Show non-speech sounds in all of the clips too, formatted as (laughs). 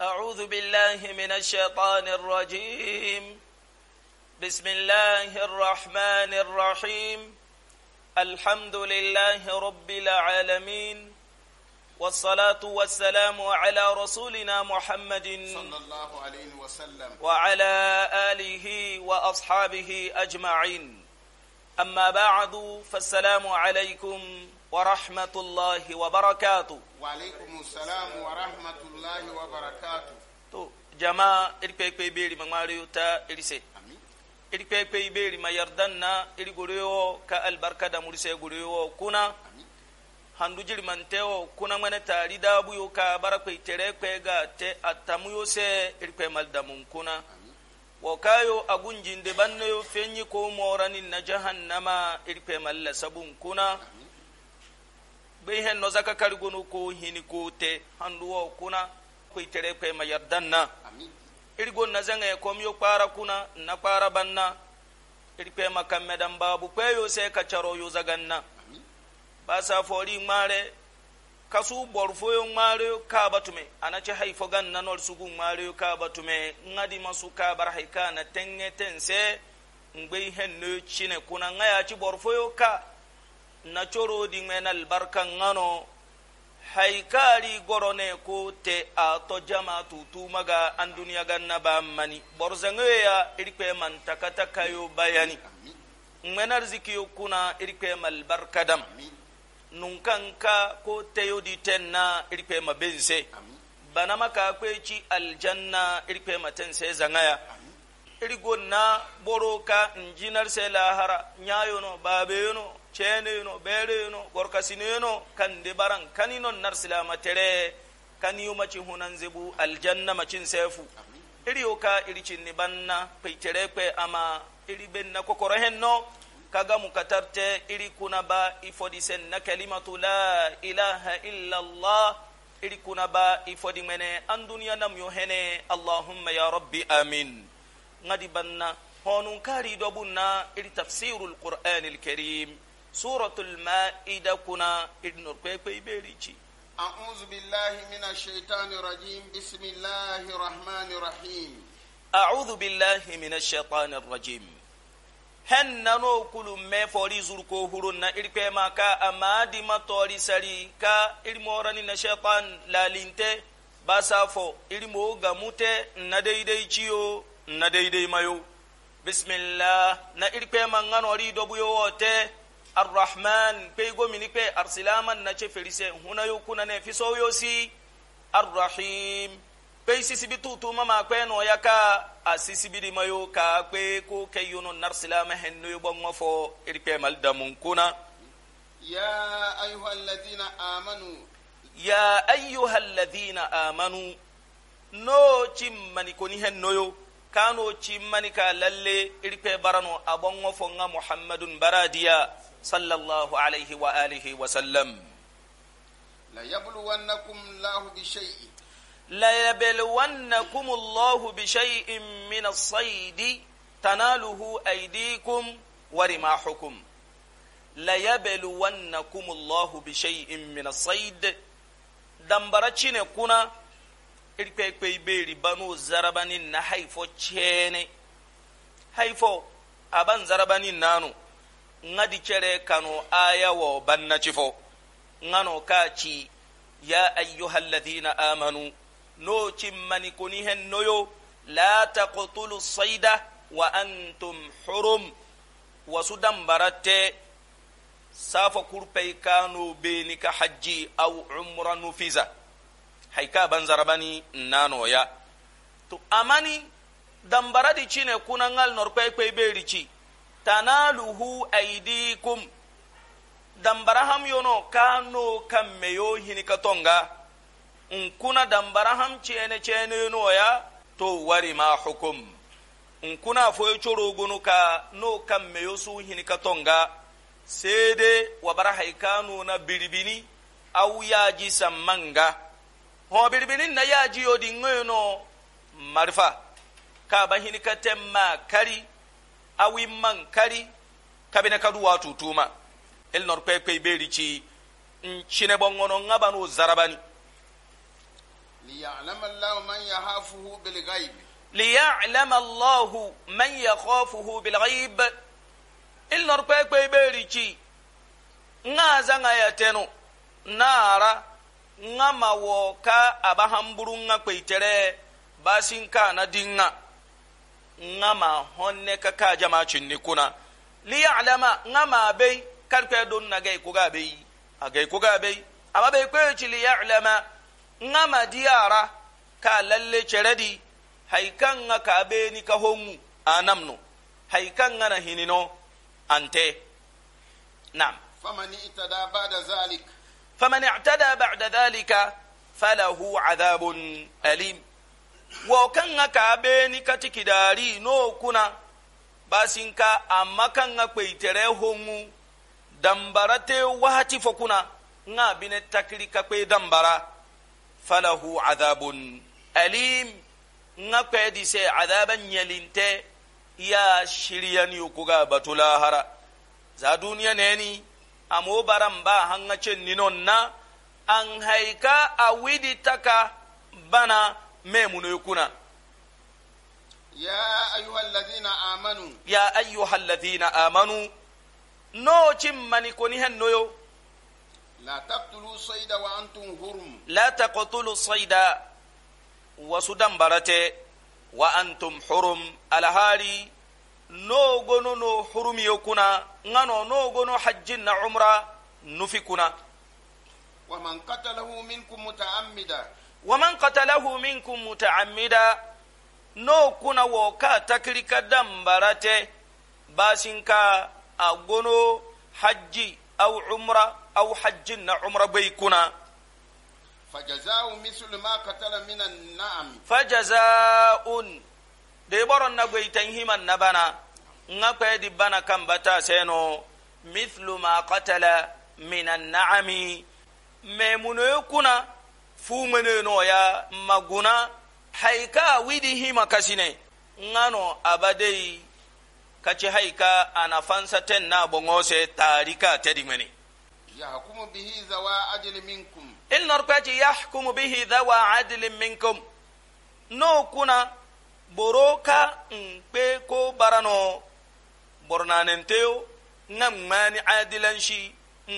أعوذ بالله من الشيطان الرجيم بسم الله الرحمن الرحيم الحمد لله رب العالمين والصلاة والسلام على رسولنا محمد صلى الله عليه وسلم وعلى آله وأصحابه أجمعين أما بعد فالسلام عليكم warahmatullahi الله وبركاته وعليكم السلام ورحمة الله وبركاته تو جماعة إلكي كي بيري مغماريو تا إلسي إلكي كي بيري ما يردنا إلغوريو كالبركة دا مرسي غوريو كنا kuna ŋmene taari daabuyo ka bara kwe ga te attamuyo se iri kwe maldamun kuna wo kayo agunjinde banneyo feŋyi ko moranin na jahannama iri kwe malla sabun kuna Amin. ɓey hen no zaka karigonu ko hini ko te handu wo kuna koy tere koye ma yardan na iri gon na zenge comme yo kpara kuna na kpara ban na iri koye ma kamme dan babu koye yo se ka caro yo zagan na basa fori ŋmare kasu bor fo yo ŋmare yo kaba tume anace hay fogan na nol sugu ŋmare yo kaba tume ŋadi masu kabar hay kana tenge ten se ŋgbey hen no yo cine kuna ŋa yaci bor fo yo ka na coro di ŋmenal barkan ŋano haikari gorone ko te a to jama tutumaga an duniya ganna ba mani ya irikpe man kayo bayani ŋmenar zikiyo kuna irikpe mal barkadam ka ko di ten na irikpe ma bense banama ka kweci aljanna irikpe ma ten se zangaya irigo na boro ka njinar lahara babeyono ceneno ɓeereyno gorkasineyno kande ɓaran kani nar silama tere kaniyo macin hunanze bu aljanna macin sefu iri yo iri cinni banna pey tere kpe ama iri ɓenna kokoro hen no kagamu katarte iri kunaba i fodi senna kalimatu la ilaha illa allah iri kuna ba ifodi mene an duniya nam yo hene allahumma ya rabbi amin ngadi banna honun kaari do bunna iri tafsiru lqur'ani suratul ma'ida kuna idnur kwe kwe iberici أعوذ بالله من الشيطان الرجيم بسم الله الرحمن الرحيم أعوذ بالله من الشيطان الرجيم hen nano kulu me fori zurko huru na irpe ka amma di matori sari ka irmorani na shaitan lalinte basafo irmo gamute na daidai ciyo na daidai mayo bismillah na irpe man ganori dobuyo wote arrahman pe gomini pe arsilaman na che ferise huna yu kuna ne fiso yosi arrahim pe sisibi tutu ma kwe no yaka asisibiri mayo ka kwe ko ke yuno narsilama henno yu bongo fo irpe maldamun kuna ya ayyuhal ladina amanu ya ayyuhal ladina amanu no cimmani koni hennoyo kano cimmani ka lalle irpe barano abongo fo nga muhammadun baradiya صلى الله عليه وآله وسلم لا يبلونكم الله بشيء لا يبلونكم الله بشيء من الصيد تناله أيديكم ورماحكم لا يبلونكم الله بشيء من الصيد دمبرتشين كنا irkwekwe beri بنو zarabanin na تشيني cene أبان aban نانو nga di cere kanu aya wo banna cifo nga no ka ci ya ayyuhalladhina amanu no mani koni hen noyo la taqtulu sayda wa antum hurum wasu barate safa kurpey kano beni ka hajji aw umra nufisa hay ka banzarabani nanoya to amani dambaradi cine kuna ngal norkpey kpey ɓeri ci tanaluhu aidikum dambaraham yono ka no kam meyo hinika tonga n kuna dambaraham cene cenenoya to wari ma hukum n kuna foyo corogunu ka no kam meyo su hinika tonga seede wabara hay ka nuna biribini au yaji sammanga ho biribinin na yaji yo dinŋoyo no marifa ka ba hinika temma kari awi man kari kabine kadu watu tuma el nor pe pe beri chi nchine bongo no ngabanu zarabani liya'lama allahu man yahafuhu bil ghaib liya'lama allahu man yakhafuhu bil ghaib el nor pe pe beri chi ngaza ngaya tenu nara ngama woka abahamburunga kwe itere basinka na dinga nga ma honne ka ka jama cinni kuna li ya'lama nga ma be kar kwe don na gai ko ga be a gai ko ga be amma be ko chi li ya'lama nga ma diyara ka lalle cheredi haikan nga ka be ni ka hongu anamno haikan nga na hinino ante nam faman itada ba'da zalik faman i'tada ba'da zalika falahu adhabun alim wokan kanga ka beni kati kidari no kuna basinka amma kwe kweitere hongu dambarate te wahati fo kuna nga bine takiri ka kwe dambara falahu adhabun alim nga kwedi se adhaban yalinte ya shiryani ukuga batulahara za duniya neni amo baran ba hanga cen ninon na an haika a taka. bana ميمون يكون يا أيها الذين آمنوا يا أيها الذين آمنوا نو من كوني هنو لا تقتلوا صيدا وأنتم حرم لا تقتلوا صيدا وسدن برته وأنتم حرم على هاري نو غنو نو حرم يكونا غنو نو غنو حجنا عمره نفكنا ومن قتله منكم متعمدا waman qatalahu minkum mutaammida n'okuna wokka takirikadda mbarate basinka agono hajji aw umra aw hajjin na umra bai kuna fajaza'u mislu ma qatala min an-na'am fajaza'un de boron na bai tanhiman na bana nga kwa di bana kan bata seno mithlu ma qatala min an-na'ami memuno kuna fumene no ya maguna haika widi hima kasine ngano abadei kaci haika ana fansa ten na bongose tarika tedimene yahkumu bihi zawa adli minkum il narqati yahkumu bihi zawa adli minkum no kuna boroka nkpe ko barano bornanenteo na mmani adilanshi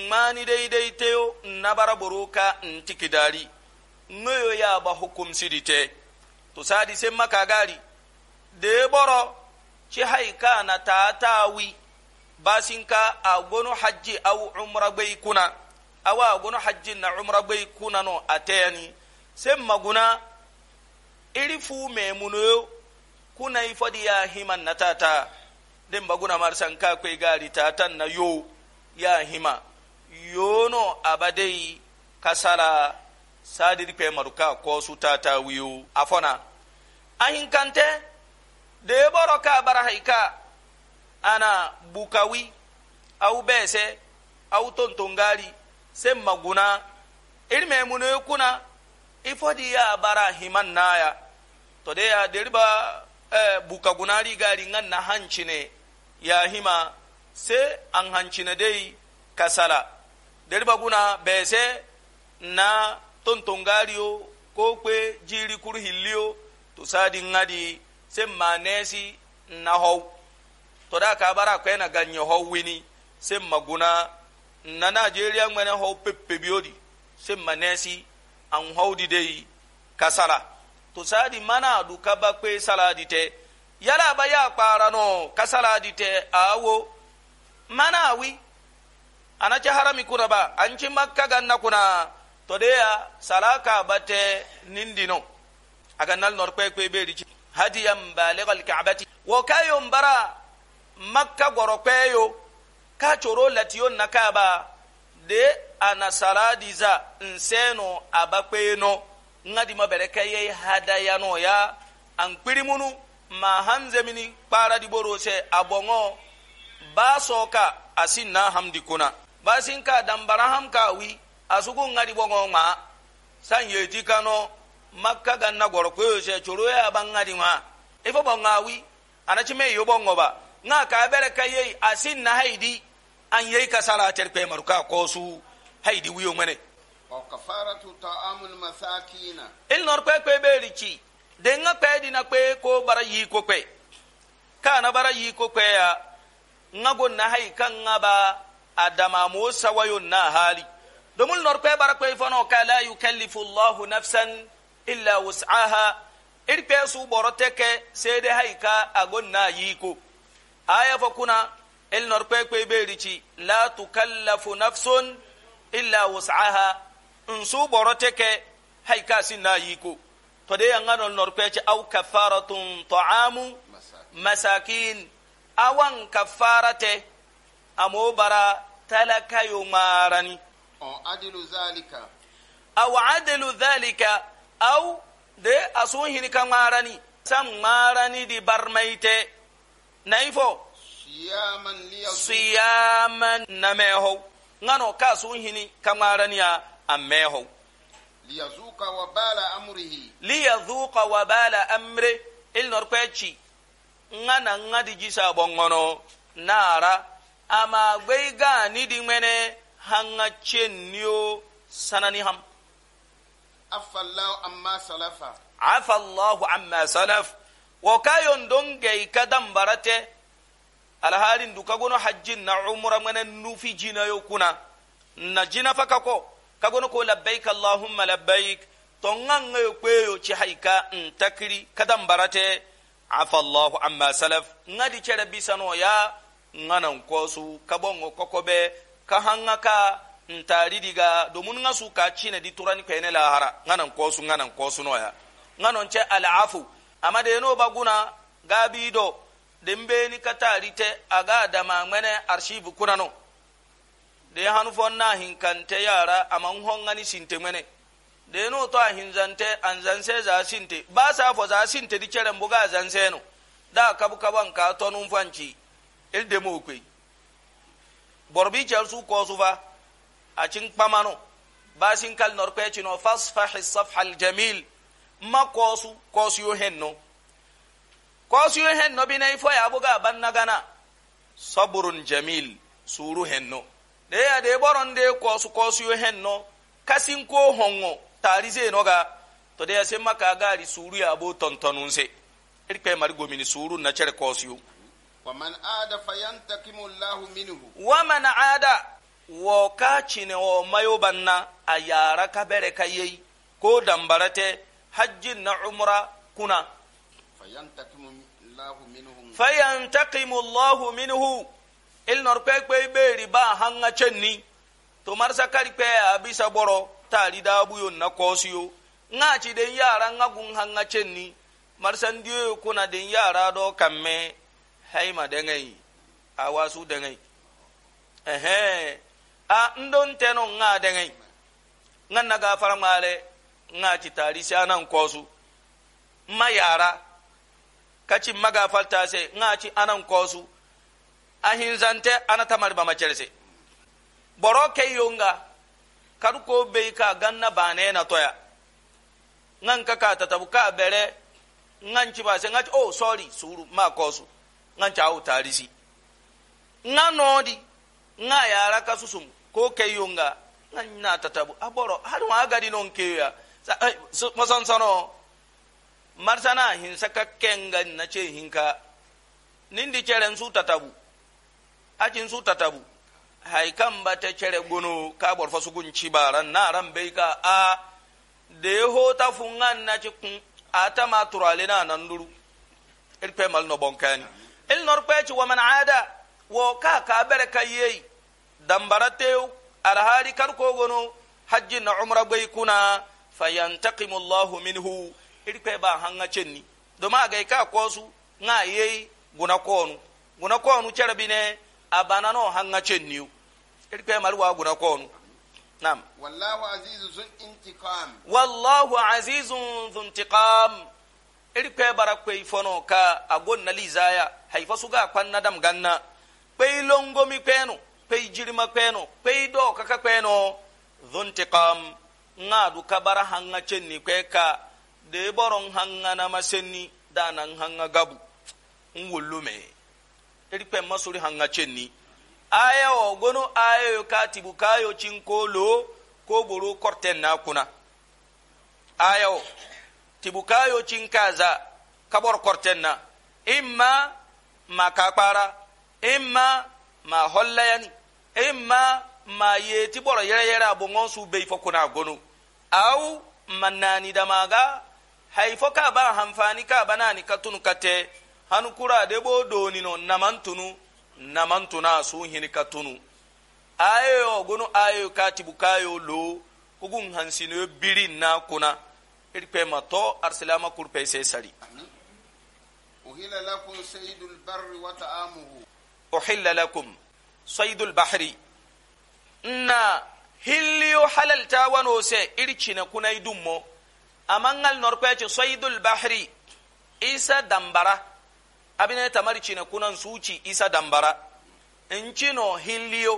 mani daidai teo nabara boroka ntikidari ŋoyo ya ba hukum sidi te to sadi sen maka gari de boro ci hay kana tatawi basinka a gono hajji aw umra a kuna awa gono hajji na umra bai kuna no ateni sen maguna iri fu memunoyo kuna ifadi ya himan na tata den baguna marsan ka kwai gari tan na yo ya hima yono abadai kasala sadiri pe maruka ko su tata wiyo afona ahin kante da boro ka barahika haika ana bukawi au bese au tontongali sem maguna irme mune kuna ifodi ya barahiman naya to de ya dirba eh, buka gunari gari ngan na hancine ya hima sai an hanci na kasala dirba guna bese na tontongario ko kpe jiri kuru hillio to sadi ŋadi se manesi na how to da ka bara ko na ganye how wini se maguna na nigeria ŋmene how peppebiodi se manesi an hawdi dei kasala to sadi mana du kaba kpe saladi te yala ba ya kparano kasaladi te awo mana wi anace harami kuna ba anci makka ganna kuna todeya salaka bate nindino aga nal nor kwe kwe beri ci hadiyan balighal ka'bati wo kayo mbara makka goro kweyo ka choro latiyo nakaba de ana saladiza nseno abakweno ngadi mabereke ye hadaya no ya an kpirimunu ma hanze mini kpara di boro se abongo basoka asin na hamdi kuna sin ka dambara ka wi asugun ngadi bongo ma san yeti kano makka ganna goro ko se choro ya bangadi ma ifo wi anachi me yo bongo ba nga ka bere ka yei asin na haidi an yei ka sara ter pe maruka ko su haidi wiyo mene o kafaratu ta'amul masakina il nor pe pe beri chi de nga pe na pe ko bara yi ko pe na bara yi ko pe ya nga na hai kan nga ba adama mo sawayo na hali ɗomul nor kwe bara kwe fono ka la yukallifu llahu nafsan illa wus'aha iri kwe su boro teke sede haika agon na yiko aya fo kuna il nor kwe kwe berici la tukallafu nafsun illa wus'aha in su boro teke haika sin na yiko to de yanga nol nor kwe ci au kafaratun ta'amu masakin awan kafarate amo bara talaka yo marani on adilu zalika aw adilu zalika aw de a sun hini ka ŋmarani san ŋmarani di barmaite nayi fo siyaman na meho ŋano ka sun hini ka ŋmaraniya a meho liyazuka wabala amrihi liyazuka wabala amre il norkweci ŋa na ŋa di jisa boŋono nara ama gbei gani di ŋmene hanga chen niyo sanani ham afallahu amma salafa afallahu amma salaf Wa kayon don gay kadan barate alhalin duka gono hajjin na umra mana nufi jina yo kuna na jina faka ko kagono ko labbaik allahumma labbaik to nganga yo kweyo ci haika ntakiri kadam barate afallahu amma salaf ngadi cere bisano ya nganan kosu kabongo kokobe ka hanga ka ntari diga domin nga su ka cina di turani ne lahara nganan kosu nganan kosu noya nganon ce al'afu amma da yano baguna gabi do dembe ni katari te aga da mamene archive kuna no de hanu kan te yara amma ngani sinte mene de yano to an anzanse za sinte ba sa fo za sinte di keren mbuga zanse no da kabu kaban ka tonun fanci il demo kwai borbi calsu kosufa acin kpamano basin kal norkwecino fasfahi safha aljamil ma kosu kosuyo henno kosuyo henno binai fo yabuga bannagana saburun jamil suru henno de ade boron de kosu kosuyo henno kasin ko hongo tarizenoga to de asemma kagari suru yabo tontonunse erikpe mari gomini suru nacere kosuyo ومن عاد فينتقم الله منه ومن عاد وكاتشن وميوبنا أيارا كبر ko dambarate hajjin na umra kuna fayantakimu llahu minhu ilnor kpekpe ɓeeri ba hanga cenni to marsa kari kpe a bisa ɓoro taari daabuyon na koosiyo ŋa ci den yara ŋa gun hanga cenni marsa ndiyoyo kuna den yara do kamme haima dengai awasu dengai ehe a ndon teno nga dengai nga naga faramale nga citari sianan kosu ma kaci maga se nga ci anan kosu a hinzante ana tamari bama cerse boro yonga kadu ko be ka ganna bane na toya ngan ka ka tatabu ka bere ngan ci base ngan ci oh sorry suru ma kosu ngan cawu tarisi nga noodi nga yara ka susum ko keyo nga nga na tatabu aboro har wa gadi non keya masan eh, sano marsana hin saka kenga na ce hinka nindi cere su tatabu acin su tatabu hay kan ta cere gono ka bor fasu gun cibaran naran bai ka a da ya ta fungan na ci kun a ta ma turale na nan duru irpe mal no bonkani il nor kpeeci waman aada wo ka ka bere kayyey dambaratew alhaali kar kogono hajji na umra gbey kuna fayantakimu llahu minhu iri kpe ba hanga cenni doma agay ka koosu ŋa yey guna koonu guna koonu cerebine a banano hanga cenniu iri kpe mari wa guna koonu nam wallahu azizun zu intiqam iri kwe bara kwe ifono ka agon na ya haifa su ga kwan nadam ganna kwe longomi kweno kwe jirma kweno kwe do kaka kweno dhuntiqam nga du kabara hanga chenni kwe ka de boron hanga na masenni hanga gabu nwullume iri kwe masuri hanga chenni aya wo gono aya yo katibu kayo cinkolo ko boro korten na kuna aya tibukayo cinkaza kabor kortenna imma ma kakpara imma ma hollayani imma ma yeti boro yereyere abongon su bei fo kuna gonu au ma nani damaga hay ka ba hanfani ka banani katunu kate hanu kura de bo donino namantunu namantuna su hini katunu ayeyo gonu ayeyo ka tibukayo lo kugun hansino biri na kuna irpe mato arsilama kurpe sai sari uhilla lakum saydul barri wa ta'amuhu uhilla lakum saydul bahri na hilliyo halalta wano se irchina kunai dummo amangal norkwece saydul bahri isa dambara abine tamari cina kunan suci isa dambara incino hilliyo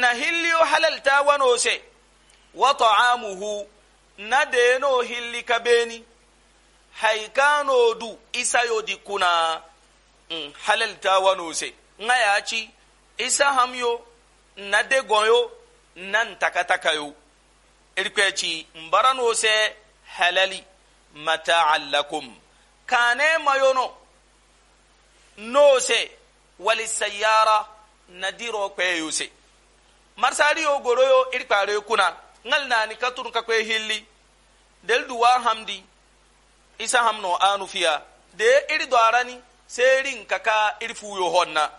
na hilliyo halalta wano se wa ta'amuhu na no hilli ka beni isa du di kuna mm, halalta wano se nga ya ci isa hamyo na degoyo nan yo irkwe ci mbarano se halali mata'an lakum kane mayono no se wali sayara na diro yo se marsari yo goroyo irkpare kuna ngal nani katun ka kwe hilli del duwa hamdi isa ham anu fiya de iri dwarani serin kaka iri fuyo honna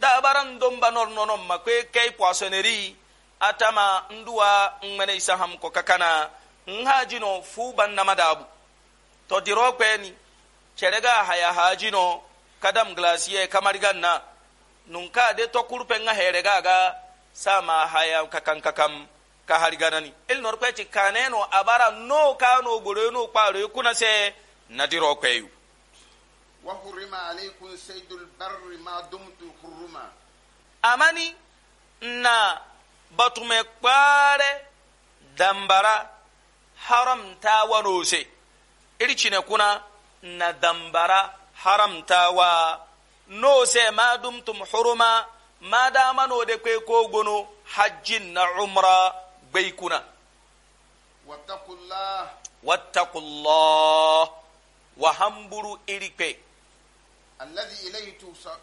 da baran don banor nono makwe kai poissonnerie atama nduwa ngmene isa ham ko kakana nhajino fu na madabu to diro kweni cherega haya haji no kadam glacier ganna nunka de to kurpe nga herega ga sama haya kakan kakam ka hariganani il nor kwe ci kaneno abara no kano gboro no kparo e kuna se nadiro kweyu wa hurima alaykum saydul barri ma dumtu huruma amani na batume kpare dambara haramta wano se ircine kuna na dambara haram ta wa. no se ma dumtum huruma ma dama no de kwe ko gono hajjin na umra baikuna wattakullah wattakullah wa hamburu irikpe alladhi ilayhi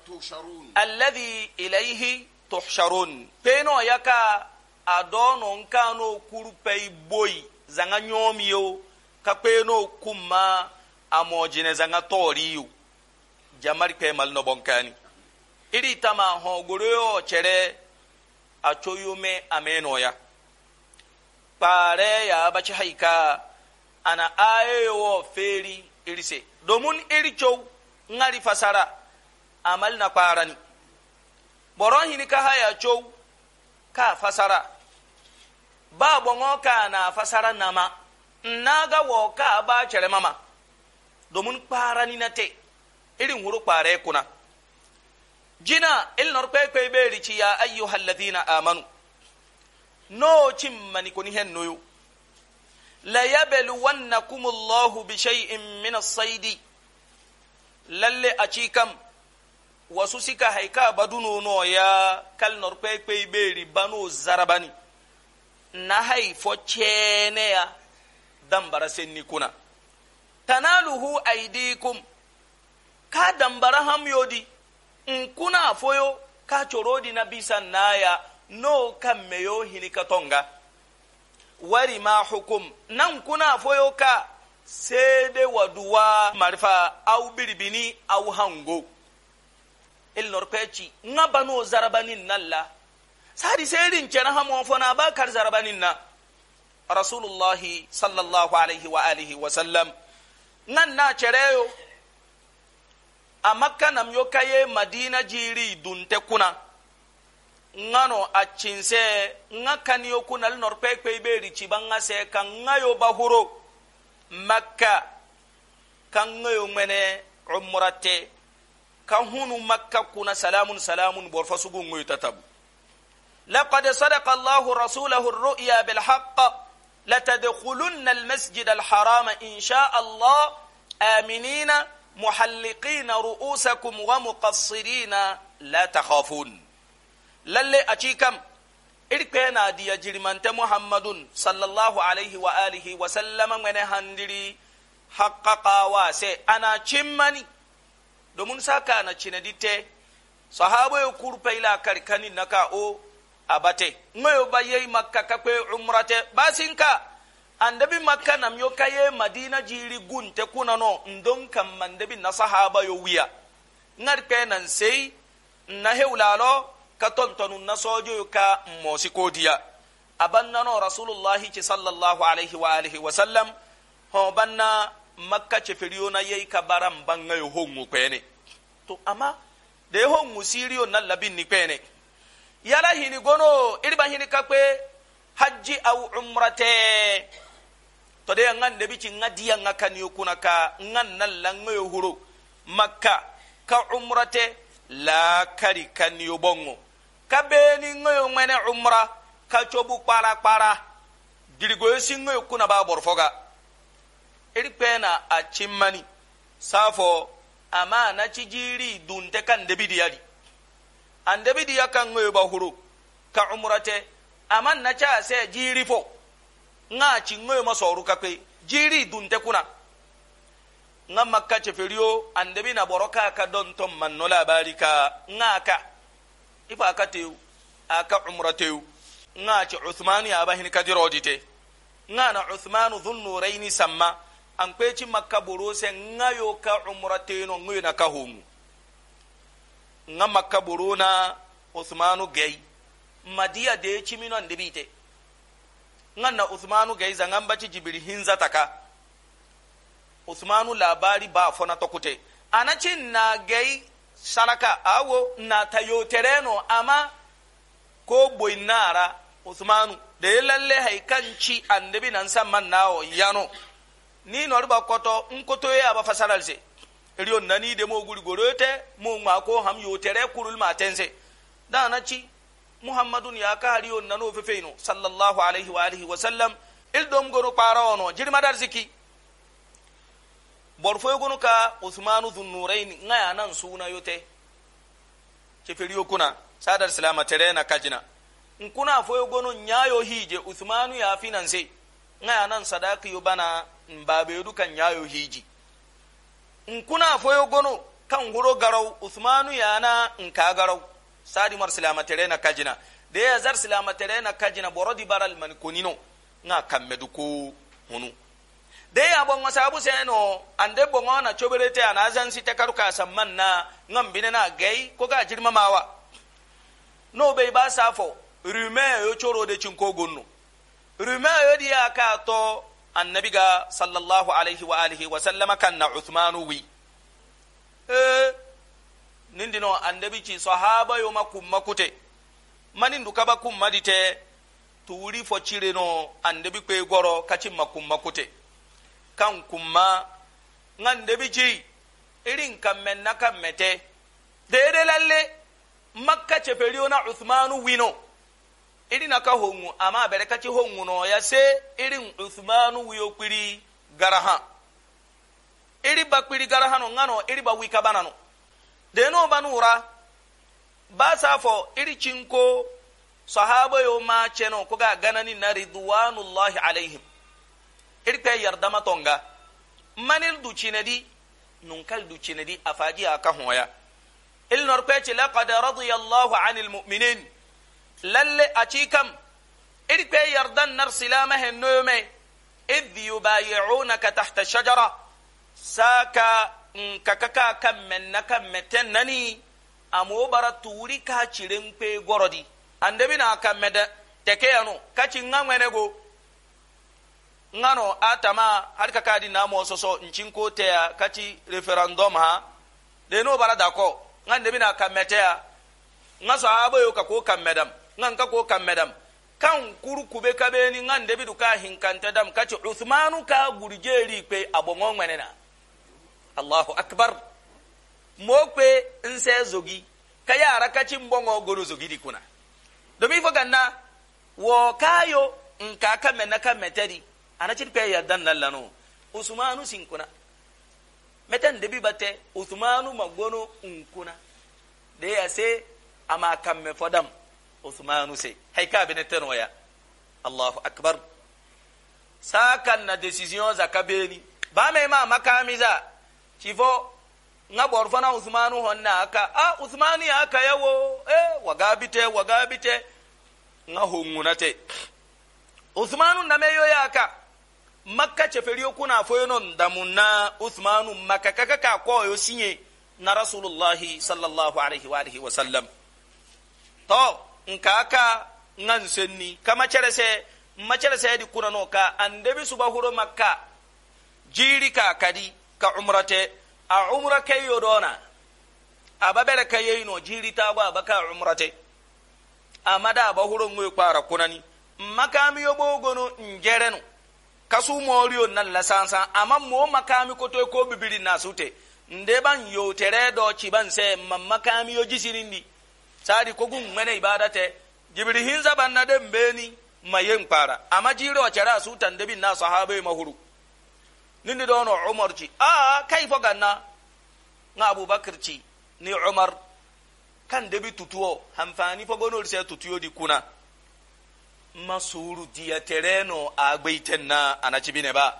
tusharun alladhi ilayhi tusharun peno yaka adono nkano kurupe boy zanga nyomiyo kapeno kuma amojine zanga toriyu jamari pe mal no bonkani iri tama ho goroyo chere acoyume amenoya kpare ya baci haika ana ayewo feri irise domin irkyau ngari fasara amal na kparani boron hini ka haya cow ka fasara ba bongo ka na fasara nama naga wo ka ba cere mama domin kparani na te irin wuru kpare kuna jina ilnor kwekwe beri ci ya ayyuhal ladina amanu no cimmani koni henno yo layabluwannakum allahu bishayin min assaidi lalle a kam wasu sika haika baduno noya kal nor kpekpei ɓeeri bano zarabani na hay fo ceeneya dambara senni kuna tanaluhu aidikum ka dambara ham yodi nkuna foyo ka corodi na bisan naya no kamme yo hini tonga. wari ma hukum nan kuna foyo ka sede waduwa marifa au biribini au hango ilnor peci nga bano zarabanin nalla sadi serin cena hamo a ba kar zarabanin na rasulullahi sallallahu alaihi wa alihi wa sallam nan na cereyo a makka nam yo ye madina jiri dunte kuna nga no a cinse nga kaniyo kunal nor kpekpei be riciba nga se ka nga yo bahuro makka ka nga yo ŋmene umurate ka hunu makka kuna salamun salamun bor fasugu ŋoyo tatabu لقد صدق الله رسوله الرؤيا بالحق لتدخلن المسجد الحرام إن شاء الله آمنين محلقين رؤوسكم ومقصرين لا تخافون lalle a cikan kam yana na diya jirimante muhammadun sallallahu alaihi wa alihi wa sallama mene handiri haqqaqawa sai ana cin mani domin saka na cinadi ya sahaba yo kurpeila karikani naka o abate ŋoyo ba maka makka ka ba umrate basinka andabi makka nam yo ka madina jiri gunte kunano ndon mandabi na sahaba yo wiya ŋarikpe nan sai na hewlalo ka tontonu na sojoyo ka mosi kodiya abannano rasulullahi ci sallallahu alaihi wa alaihi wa sallam ho banna makka ce firiyo na yayi ka baran banga yo hongu kwene to amma da yo mu siriyo na labin ni kwene yala hini gono irban hini kwe hajji au umrate to de ngan de bici ngadiya ngakan yo kunaka ngan nalla ngayo huro makka ka umrate la kari kan yo bongo ka beeni ŋoyo ŋmene umra ka cobu kpara kpara dirigoyo ŋoyo kuna ba bor foga iri kpena a cimmani safo ama na jiri dunte kan debidiyadi an debidiya kan ŋoyo ba huru ka umrate ama na ca se jiri fo ŋa ci ŋoyo ma soru ka jiri dunte kuna ŋa makka ceferiyo an debi na boro ka don ton manno labari ka ka ifa aka tew aka umra tew nga ci uthman ya bahin kadiro dite nga na uthman dhunnu nuraini samma an kweci makka boro se nga yo ka umra teno ngoy na ka hum nga makka boro na uthman gay madiya de ci mino ndibite nga na uthman gay zangan baci jibril hinza taka uthman labari ba fona tokute cin na gay saraka awo na ta tayotereno ama ko boy nara usmanu da ya lalle haikanci annabi nan san man nawo yano ni norba koto nkoto ya ba fasaral se riyo nani de mo guri gorote mo ma ko ham yotere kurul matense da na ci muhammadun ya ka riyo nano fefeino sallallahu alaihi wa alihi wa sallam il dom goro parawono jirma ziki. borfoygunu ka uthmanu dhunnurain nga ya nan suna yote kuna sadar salama tere na kajina nkuna foygunu nyayo hije uthmanu ya finanse nga ya sadaqi sadaki yo bana mbabedu kan nyayo hiji nkuna gono kan guro garau uthmanu ya na nka garau sadi mar salama tere na kajina da ya zar tere na kajina borodi baral man kunino nga kamedu ko hunu de a ɓongo sabu seno ande ɓongo na coɓerete ana agence tekaru ka samman na ngam bine na gay ko ga jirma mawa no ɓey ba safo rumain yo corode cinko gonnu rumain yo ɗiya ka to annabi ga sallallahu alayhi wa alihi wa sallama kanna uthmanu wi e nindino annabi ci sahaba yo ma kumma kute manin du kaba kumma dite tuwuri fo cireno annabi kwe goro kacimma kumma kute kan kumma ngan debi ci irin kan men na kan mete dede lalle makka ceferiyo na uthmanu wino iri na ka hongu amma bere ka ci hongu no ya se irin uthmanu wiyo kpiri garaha iri ba kpiri garaha no ngano iri ba wika bana no deno banura ba sa fo iri cinko sahaba yo ma ceno ko ga ganani na ridwanullahi alaihim irpe yardama tonga manil du cinedi nunkal du cinedi afaji aka hoya il norpeci laqad radiyallahu anil mu'minin lalle aci kam irpe yardan nar silama hennoyome idh yubayi'unaka tahta shajara saka nkakaka kammen na kammeten nani amo bara tuuri ka ciren gorodi andebina kamme de tekeyano kaci ŋa ŋwenego ngano atama har ka kadi namo soso ncin ko teya kati referendum ha de no bara dako ngan de bina kameteya nga sahaba yo ka ko kamedam ngan ka ko kamedam kan kuru kube kabeni ngan de bidu ka hinkanta dam kati usmanu ka gurjeri pe abongo ngwenena allahu akbar mo pe nse zogi ka yara kaci mbongo goro zogi di kuna domin fo ganna wo kayo nka kamena kameteri anacin pe ya dan lallano usmanu sinkuna metan debi bate usmanu magono unkuna de ya se ama me fodam usmanu se hay ka bene tenoya allahu akbar sakan na decision za kabeni ba me ma makamiza chivo nga borfana usmanu honna aka a ah, usmani aka yawo eh wagabite wagabite nga hungunate usmanu na meyo yaka makka ceferiyo kuna foyonon damuna uthmanu makka kaka ka koyo sinye na rasulullahi sallallahu alaihi wa alihi sallam to nka aka nan senni kama cerese ma cerese yadi kuna no ka andebi suba huro makka jiri ka kadi ka umrate a umra kayo dona ababere kayeyno jiri ta ba abaka umrate amada bahuro ngoy kwara kunani makami yobogono njereno kasu moriyo nan la amma mo makami to e ko bibiri na sute nde ban yo tere do ci ban se mam makami yo jisirindi sadi ko gun mene ibadate jibri hinza ban na de mbeni mayen para amma jiro suta sutan bin na sahabe mahuru nindi do no umar ci a kai fo ganna na abubakar ci ni umar kan debi tutuo hamfani fo gonol se tutuo di kuna ma suru diya tereno agbe na anachi bine ba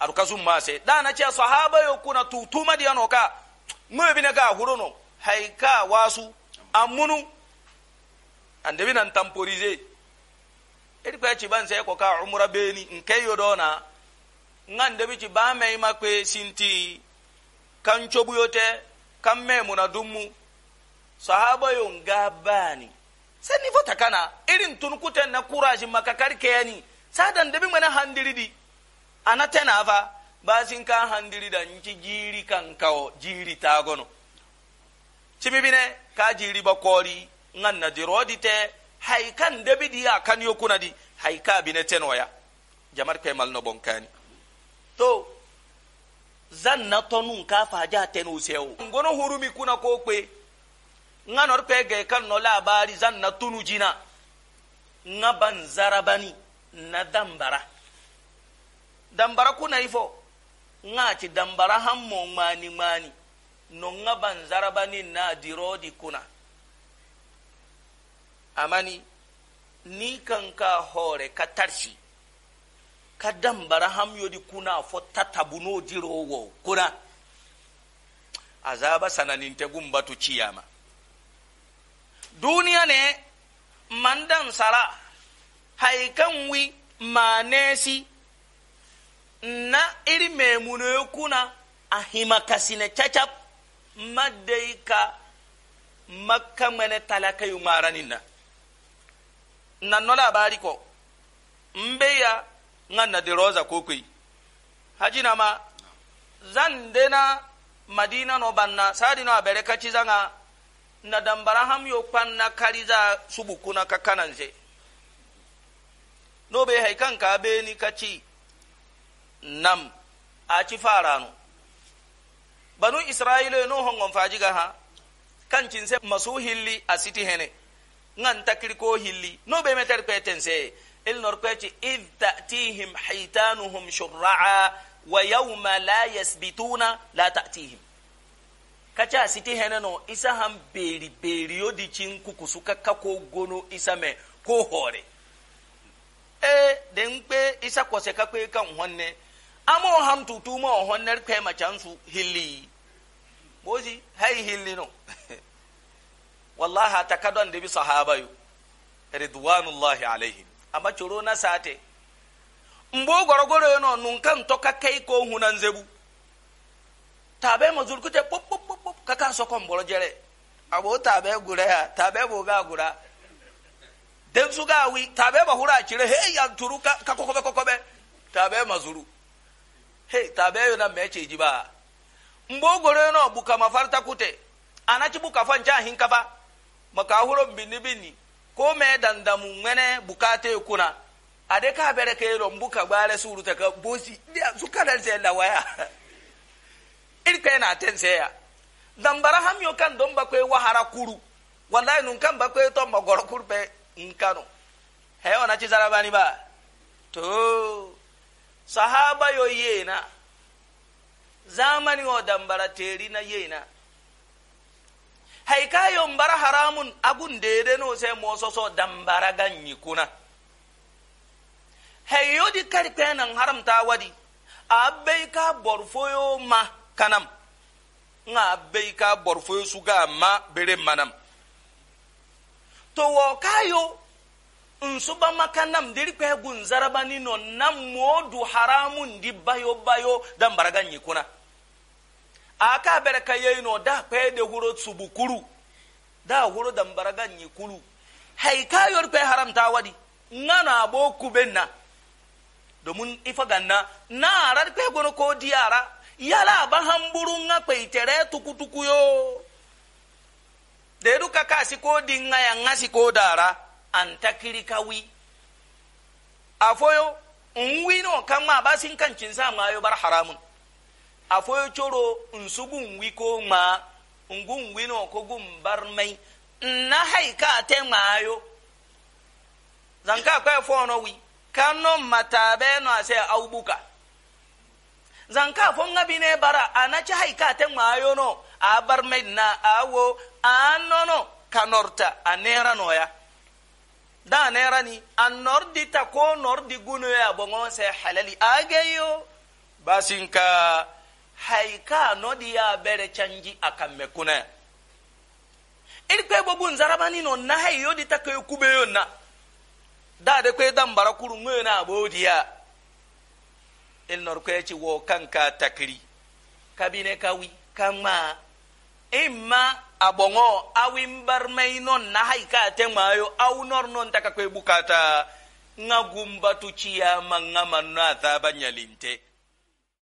arukazu mase da anachi sahaba yo kuna tutuma diya no ka ngoyo bine ga hurono haika wasu amunu ande bina tamporize eri kwa chi ban sai ko ka umra beni nke yo dona ngande bi chi ba mai makwe sinti kan chobuyote kan me muna dummu sahaba yo ngabani sani fota kana irin tun kuten na courage maka karkeyani sadan debi mana handiridi ana tena fa basin ka handirida nci jiri kankawo jiri tagono cimibine ka jiri bakori ngan na dirodi te hay kan debi di a kan yokuna di hay ka bine tenoya jamar pemal no bonkani to zan na tonun ka faja tenu sewo ngono hurumi kuna ko kwe nga nor pege kan no labari zan na tunu jina nga ban zarabani na dambara dambara kuna ifo nga ci dambara hammo mani mani no nga ban zarabani na di kuna amani ni kan ka hore ka tarisi ka dambara ham yodi kuna fo tatabuno dirowo kuna azaba sananin te batu ciyama duniya ne mandan sara haikan wi manesi na iri memunoyo kuna a himakasine cacap maddei makka mene talakayu maranin na nanno labari ko mbeya ngan na diroza kokoi ma zan dena madina no banna sadino abere kacizanga na dambara ham yo kpan na kariza subu kuna ka kanan no be hay kan ka be ni kaci nam a ci farano banu isra'ila no hongon ga ha kan se masu hilli a siti hene ngan takir ko hilli no be meter kweten se il nor ci id ta'tihim haytanuhum shurra'a wa yawma la yasbituna la ta'tihim kacha siti hene no isa han beri beri odi chin kuku suka kako gono isa me ko hore e den pe isa ko se kakwe kan honne amo ham tutu mo honne kwe ma chansu hili bozi hay hili no (laughs) wallahi takadon de bi sahaba yu ridwanullahi alaihim amma choro na sate mgbe gwọrọgwọrọ nọ nụ nke ntọ ka ke ike ohu na nzebu tabe mazurkute kpọkpọkpọkpọ kaka sɔkɔ nbɔlɔjɛrɛ abo taabɛ gura ya taabɛ b'o ka gura denso ka wi taabɛ hura a cire hee yan turu ka kɔkɔbɛ kɔkɔbɛ taabɛ mazuru he taabɛ yona mɛ ceji ba nbo goro yona bukama farta kute anaci bukafa nca hin kafa maka huro binni binni ko mɛ dandamu ŋmɛnɛ bukate kuna ade ka bɛrɛ ke yelo mbuka gbaare suuru ta ka bosi su kana sɛ lawaya (laughs) iri kɛ na tɛn sɛ ya dambara ham yo kan don ba bakwe wahara kuru wallahi nun kan bakwe to magoro kuru pe nkano he ona ci zarabani ba to sahaba yo yena zamani o dambara teri na yena hay ka yo mbara haramun agun dede no se mo soso dambara ganyi kuna hay yo di kari pe nan haramta wadi abai ka borfoyo ma kanam nga bei ka borfoyo suga ma bere manam to wo kayo nsuba maka nam diri gun zarabani no na modu haramu ndi bayo bayo da mbaraga nyikuna aka bere ka no da pe de huro tsubukuru da huro da mbaraga nyikulu hai kayo haram ta wadi nga na abo kubenna domin ifa ganna na arar pe gono ko diyara yala bahamburu nga kpeitere tukutuku yo ka si ko di nga ya nga ko dara antakiri kawi afoyo ba kama kan cin sa ma yo bar haramun afoyo choro nsugu nwi ko ma ngu no ko gum bar mai na haika te ma yo zanka kwa no wi kano be no ase aubuka zanka abi ne bara ci haika a bar mai na awo anono kanorta anera noya da nera ni anordi ta ko nordi gunu ya on sai halali ageyo basinka haika nodi ya bere chanji me kuna iri kwe bobu nzarabani no na hayo di ta kwe kubeyo na da de kwe dan barakuru ngwe na ya el nor ko yace kanka takri kabine kawi kama imma abongo awin barmai non na haika te mayo aw nor non taka ko bukata nga gumbatu ciya manga manna ta banyalinte